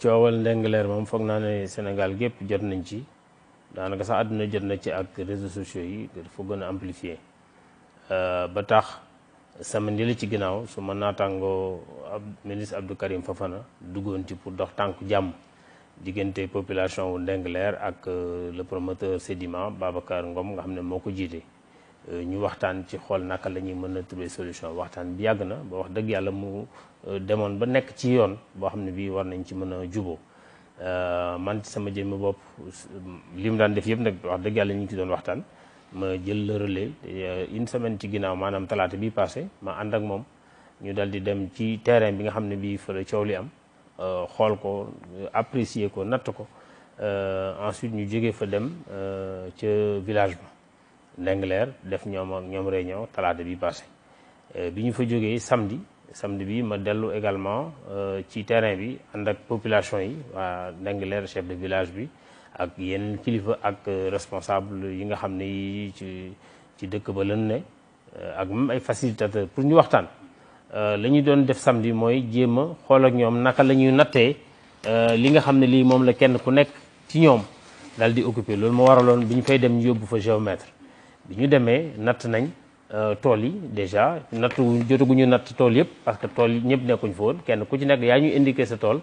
coowal Ndingler moom foog naa ne Sénégal gépp jot nañ ci daanaka sax àdduna jot na ci ak réseaux sociaux yi dafa gën a amplifier euh, ba tax samedi la ci ginnaaw su ma naataangoo ab ministre Abdou Karim Fafana duggoon ci pour dox tànk jàmm diggante population wu Ndingler ak euh, le promoteur Sedima Babacar Ngom nga xam ne moo ko jiite. Euh, ñu waxtaan ci xool naka la ñuy mën na trouver solution waxtaan bi yàgg na ba wax dëgg yàlla mu euh, demoon ba nekk ci yoon boo xam ne bii war nañ ci mën a juboo euh, man ci sama jëmmi bopp li mu daan def yëpp nag wax dëgg yàlla ñu ngi ci doon waxtaan ma jël le relais une semaine ci ginnaaw maanaam talaata bi passé ma ànd ak moom ñu dal di dem ci terrain bi nga xam ne bii fa la coow li am xool ko apprécier ko natt ko ensuite ñu jógee fa dem ca village ba Ndingler def ñoom ak ñoom réunion talaata bi passé euh, bi ñu fa jógee samedi samedi bi ma dellu également euh, ci terrain bi ànd ak population yi waa Ndingler chef de village bi ak yenn kilifa ak euh, responsable yi nga xam ne yi ci ci dëkk ba lën ne ak même ay facilitateurs pour ñu waxtaan la ñu doon def samedi mooy jéem a xool ak ñoom naka la ñuy nattee li nga xam ne lii moom la kenn ku nekk ci ñoom daal di occupé loolu moo waraloon bi ñu fay dem ñu yóbbu fa géomètre bi ñu demee natt nañ euh, tool yi déjà nattu jotaguñu natt tool yëpp parce que tool yi ñëpp nekkuñ fa woon kenn ku ci nekk yaa ñu indiqué sa tool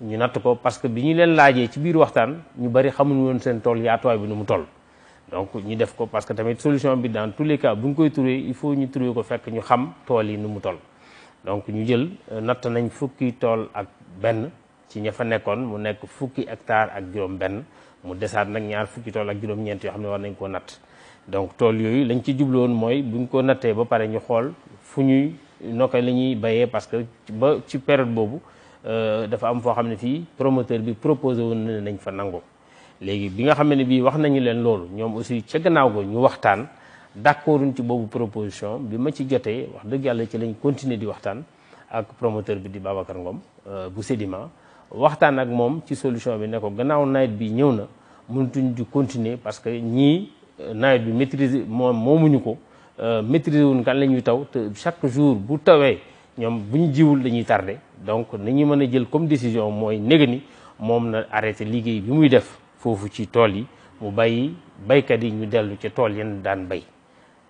ñu natt ko parce que bi ñu leen laajee ci biir waxtaan ñu bari xamuñ woon seen tool yaatuwaay bi nu mu toll. donc ñu def ko parce que tamit solution bi dans tous les cas ñu koy trouver il faut ñu trouver ko fekk ñu xam tool yi nu mu toll donc ñu jël euh, natt nañ fukki tool ak benn ci ña fa nekkoon mu nekk fukki hectare ak juróom benn mu desaat nag ñaar fukki tool ak juróom-ñeent yoo xam ne war nañ koo natt. donc tool yooyu lañu ci woon mooy buñ ko nattee ba pare ñu xool fu ñuy nokka la ñuy bayee parce que ba ci période boobu euh, dafa am foo xam ne fii promoteur bi proposé woon ne nañ fa nangoo léegi bi nga xam ne bii wax nañu leen loolu ñoom aussi ca gannaaw ko ñu waxtaan d'accorduñ ci boobu proposition bi ma ci jotee wax dëgg yàlla ci lañ continuer di waxtaan ak promoteur bi di Babacar Ngom euh, bu Sedima waxtaan ak moom ci solution bi ne ko gannaaw nawet bi ñëw na nawet bi maîtriser moom moomuñu ko euh, maîtriser wun kan la ñuy taw te chaque jour bu tawee ñoom bu ñu jiwul dañuy tardé donc ni ñu mën a jël comme décision mooy néga ni moom na arrêté liggéey bi muy def foofu ci tool yi mu bàyyi baykat yi ñu dellu ci tool yenn daan bay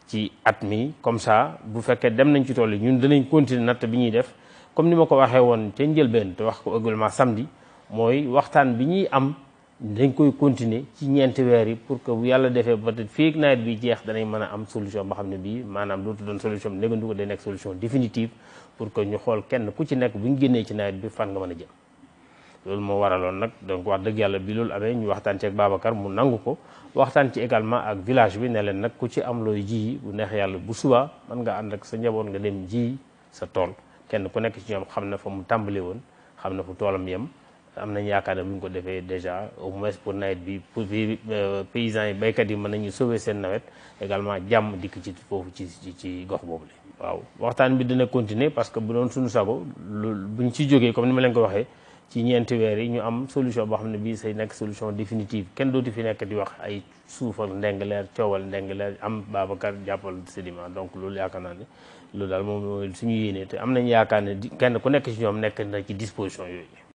ci at mi comme ça bu fekkee dem nañ ci tool yi ñun danañ continuer natt bi ñuy def comme ni ma ko waxee woon ca njëlbeen te wax ko également samedi mooy waxtaan bi ñuy am dañ koy continuer ci ñeenti weer yi pour que bu yàlla defee peut-être fii ak nawet bi jeex danañ mën a am solution boo xam ne bii maanaam dootu doon solution bi négandu ko day nekk solution définitive pour que ñu xool kenn ku ci nekk bu ñu ci nawet bi fan a jëm loolu moo waraloon nag donc wax dëgg yàlla bi loolu amee ñu waxtaan ci mu nangu ko waxtaan ci également ak village bi ne leen nag ku ci am looy ji bu neex yàlla bu subaa mën nga ànd ak sa njaboot nga dem ji sa tool kenn ku nekk ci ñoom xam na fa mu tàmbali woon xam na fu toolam yem am nañ yaakaar ne bu ñu ko defee déjà au moins pour nawet bi pour euh, paysan yi béykat yi mën nañu sauver seen nawet également jàmm dikk ci foofu ci ci ci gox boobu la. waaw waxtaan bi dina continuer parce que bu doon suñu sago lu buñ ci jógee comme ni ma leen ko waxee ci ñeenti weer yi ñu am solution boo xam ne bii say nekk solution définitive kenn dootu fi nekk di wax ay suufal ndengleer coowal ndengleer am Babacar jàppal sédiment donc loolu yaakaar naa ne loolu daal moom mooy suñu yéenee te yaakaar ne kenn ku nekk ci ñoom nekk na ci disposition yooyu.